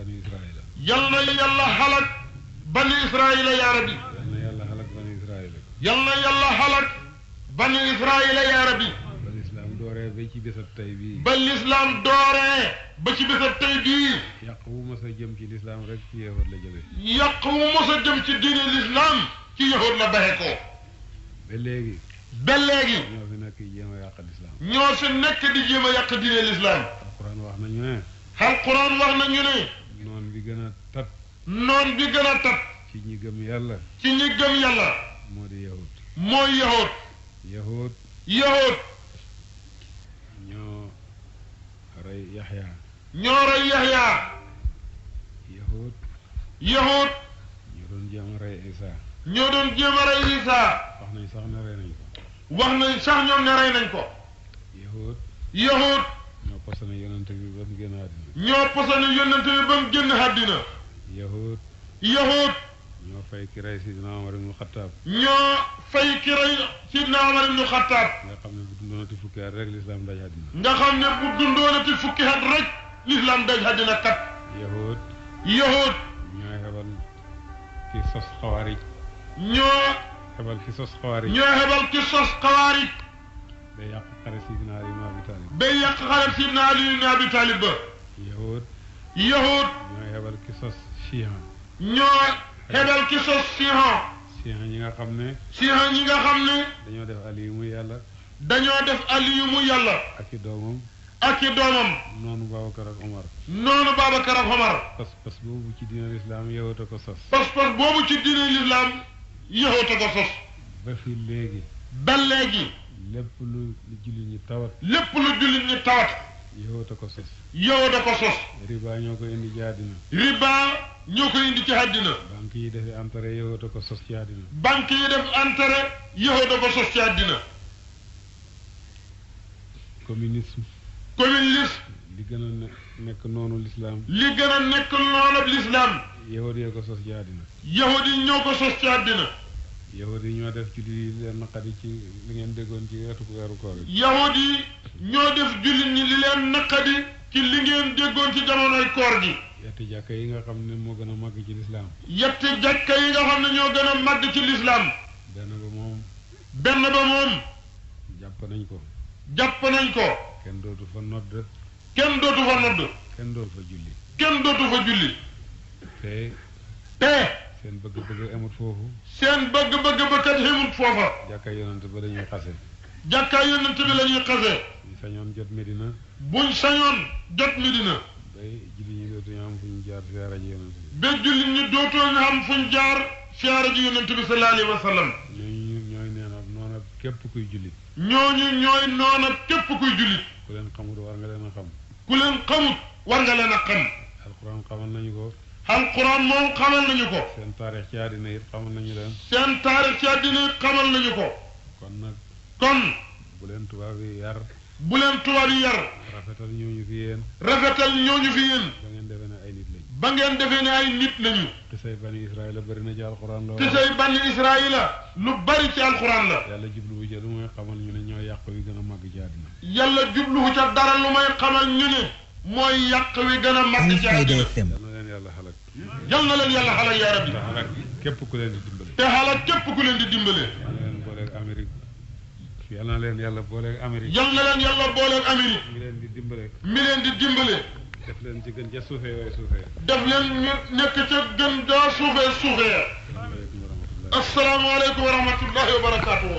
bani israila yal na yàlla xalak bani israila yaa rabbi yal na yàlla xalak bani israila yal na yàlla xalak bani israila yaa rabbi ba lislaam dooree ba ci bésab tey bii ba lislaam dooree ba ci bésab tey bii yàq wu mos a jëm ci lislaam rek ci yahud la jële yàq wu mos a jëm ci diine lislaam ci yahud la baxe ko ba léegi ba léegi ñoo fi nekk di jéem a yàq lislaam ñoo fi nekk di jéem a yàq diine lislaam alquran wax nañu ne alquran wax nañu ne gën a tat noon gëm yàlla ci ñi yàlla moo di yahut mooy yahut ñoo rey yaxya ñoo rey yaxya ñoo doon jéem a rey isa ñoo doon jéem a rey isa wax nañ sax wax nañ sax ñoom ne rey nañ ko yahut posone yonente bi ba mu génn àddina ñoo posone yonente bi ba mu génn àddina yahud yahud ñoo fay ki rey sidina Omar ibnu Xattaab ñoo fay ki rey sidina Omar ibnu Xattaab nga xam ne bu dundoonati fukki at rek lislaam daj àddina nga xam ne bu dundoonati fukki at rek lislaam daj àddina kat yahud yahud ñoo xebal ki sos xawaarij ñoo xebal ki sos xawaarij ñoo xebal ki sos xawaarij ba yàq xare Sidina Ali ibn Abi Talib ba yàq xare Sidina Ali ibn Abi Talib ba yahud yahud ñoo hebal ki sos sihan ñoo hebal ki sos sihan sihan ñi nga xam ne sihan ñi nga xam ne dañoo def ali yu muy yàlla dañoo def ali yu muy yàlla ak i doomam ak doomam noonu Babacar ak Omar noonu Babacar ak Omar pas-pas boobu ci diine lislaam yahut ko sos pas-pas boobu ci diine lislaam yahut ko sos ba fi léegi ba léegi. lépp lu jullit ñi tawat. lépp lu jullit ñi tawat. yow da ko sos. yow da ko sos. riba ñoo ko indi ci àddina. riba ñoo ko indi ci àddina. banque yi def intérêt yow da ko sos ci àddina. banque yi def intérêt yow da ko sos ci àddina. communisme. communisme. li gën a nekk noonu lislaam. li gën a nekk noonu lislaam. yahud yee ko sos ci àddina. yahud yi ñoo ko sos ci àddina. yahud yi ñoo def julli li leen naqari ci li ngeen déggoon ci wetu weeru koor yi yahud yi ñoo def julli ñi li leen naqari ci li ngeen déggoon ci jamonoy koor gi yetti jàkka yi nga xam ne moo gën a màgg ci lislaam yetti jàkka yi nga xam ne ñoo gën a màgg ci lislaam benn ba moom benn ba moom jàpp nañ ko jàpp nañ ko kenn dootu fa nodd kenn dootu fa nodd kenn dootu fa julli kenn dootu fa julli te te seen bëgg-bëgg amut foofu. seen bëgg-bëgg ba kat amut foofa. jàkka yonent ba dañuy xase. jàkka yonent bi la ñuy xase. buñ sañoon jot Medina. buñ sañoon jot Medina. ba julli ñi dootuñu am fuñ jaar siyaara ji yonent bi. ba julli ñi dootuñu am fuñ jaar siyaara ji yonent bi sallallahu alayhi wa ñooñu ñooy neen ak noon kuy jullit. ñooñu ñooy noon ak képp kuy jullit. ku leen xamut war nga leen a xam. ku leen xamut war nga leen a xam. alquran xamal nañu ko. alquran moom xamal nañu ko. seen taarix ci àddina it xamal nañu leen. seen taarix ci àddina it xamal nañu ko. kon nag. kon. bu leen tubaab yi yar. bu leen tubaab yi yar. rafetal ñooñu fi yéen. rafetal ñooñu fi yéen. ba ngeen defee ne ay nit lañu. ba ngeen defee ne ay nit lañu. xisay bani Israaïla bëri na ci alquran la. xisay bani Israaïla lu bëri ci alquran la. yàlla jubluwu ci lu may xamal ñu ne ñoo yàq wi gën a màgg ci àddina. yàlla jubluwu ca dara lu may xamal ñu ne. mooy yàq wi gën a màgg ci àddina. yàlla xalak yal na leen yàlla xalak yaa rabbi te xalak képp ku leen di dimbale te xalak képp ku leen di dimbale yal na leen booleeg Amérique yal na leen yàlla booleeg Amérique yal na leen yàlla booleeg Amérique mi leen di dimbale mi leen di dimbale def leen ci gën ja suufee way suufee def leen nekk ca gën daa suufee suufee asalaamaaleykum wa rahmatullahi wa barakatuh